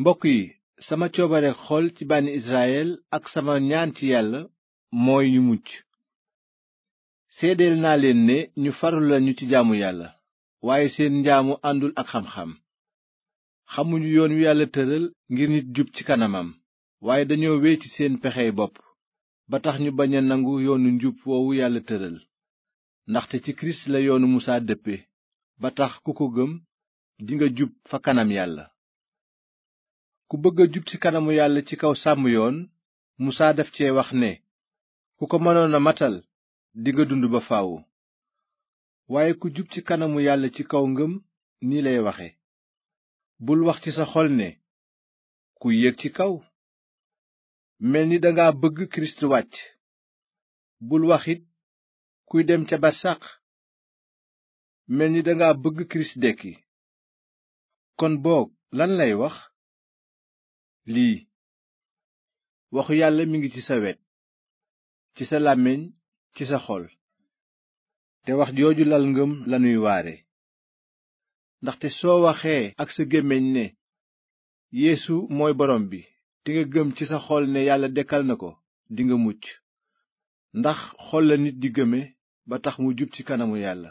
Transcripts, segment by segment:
mbokk yi sama coobare xol ci bànni Israyil ak sama ñaan ci yàlla mooy ñu mucc seedeel naa leen ne ñu farlu lañu ci jaamu yàlla waaye seen njaamu àndul ak xam-xam xamuñu yoon wi yàlla tëral ngir nit jub ci kanamam waaye dañoo wee seen pexey bopp ba tax ñu bañ a nangu yoonu njub woowu yàlla tëral ndaxte ci kirist la yoonu musaa dëppe ba tax ku ko gëm dinga jub fa kanam yàlla ku bëgg jub ci kanamu yàlla ci kaw sàmm yoon musaa def cee wax ne ku ko mënoon a matal dinga dund ba faaw waaye ku jub ci kanamu yàlla ci kaw ngëm nii lay waxe bul wax ci sa xol ne ku yéeg ci kaw mel ni danga bëgg kirist wàcc bul wax kuy dem ca barsàq mel ni danga bëgg kirist dekki kon boog lan lay wax lii waxu yàlla mi ngi ci sa wet ci sa làmmiñ ci sa xol te wax jooju lal ngëm lanuy waare ndaxte soo waxee ak sa gémmiñ ne yéesu mooy borom bi te nga gëm ci sa xol ne yàlla dekkal na ko dinga mucc ndax xol la nit di gëme ba tax mu jub ci kanamu yàlla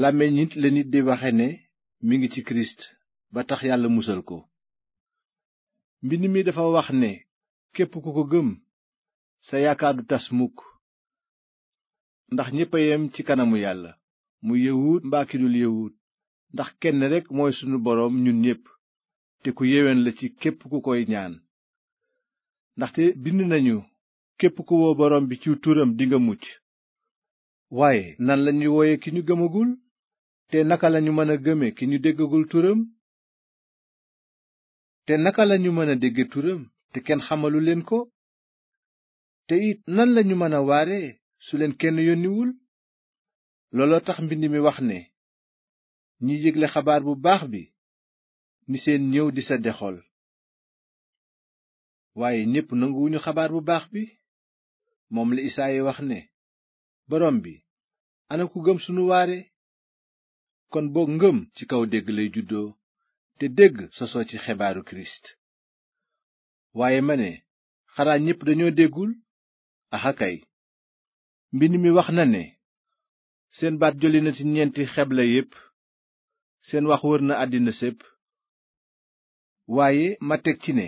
làmmiñ nit la nit di waxe ne mi ngi ci kirist ba tax yàlla musal ko mbind mi dafa wax ne képp ku ko gëm sa yaakaar du tas mukk ndax ñépp yem ci kanamu yàlla mu yëwut mbaa ki dul yëwut ndax kenn rekk mooy sunu boroom ñun ñépp te ku yéwén la ci képp ku koy ñaan ndaxte bind nañu képp ku woo boroom bi ci turam dinga mucc waaye nan lañuy wooye ki ñu gëmagul te naka lañu mën a gëme ki ñu déggagul turam te naka lañu mën a dégge turam te kenn xamalu leen ko te it nan lañu mën a waare su leen kenn yónniwul looloo tax mbind mi wax ne ñi yégle xabaar bu baax bi ni seen ñëw di sa dexool waaye ñépp nanguwuñu xabaar bu baax bi moom la Isaayi wax ne borom bi ana ku gëm sunu waare kon boog ngëm ci kaw dégg lay juddoo te dégg sosoo ci xebaaru kirist waaye ma ne xanaa ñépp dañoo déggul axakay mbind mi wax na ne seen baat jolli na ci ñeenti xebla yépp seen wax wër na àddina sépp waaye ma teg ci ne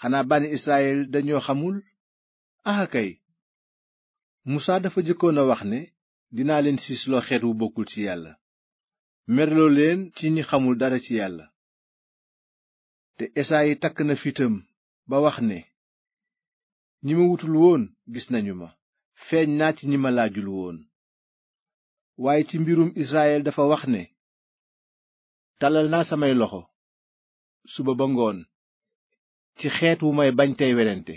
xanaa bànni Israyil dañoo xamul axakay Musaa dafa jëkkoon a wax ne dinaa leen siisloo xeet wu bokkul ci yàlla merloo leen ci ñi xamul dara ci yàlla te esaayi takk na fitam ba wax ne ñi ma wutul woon gis nañu ma feeñ naa ci ñi ma laajul woon waaye ci mbirum Israyel dafa wax ne talal naa samay loxo suba ba ngoon ci xeet wu may bañ tey werante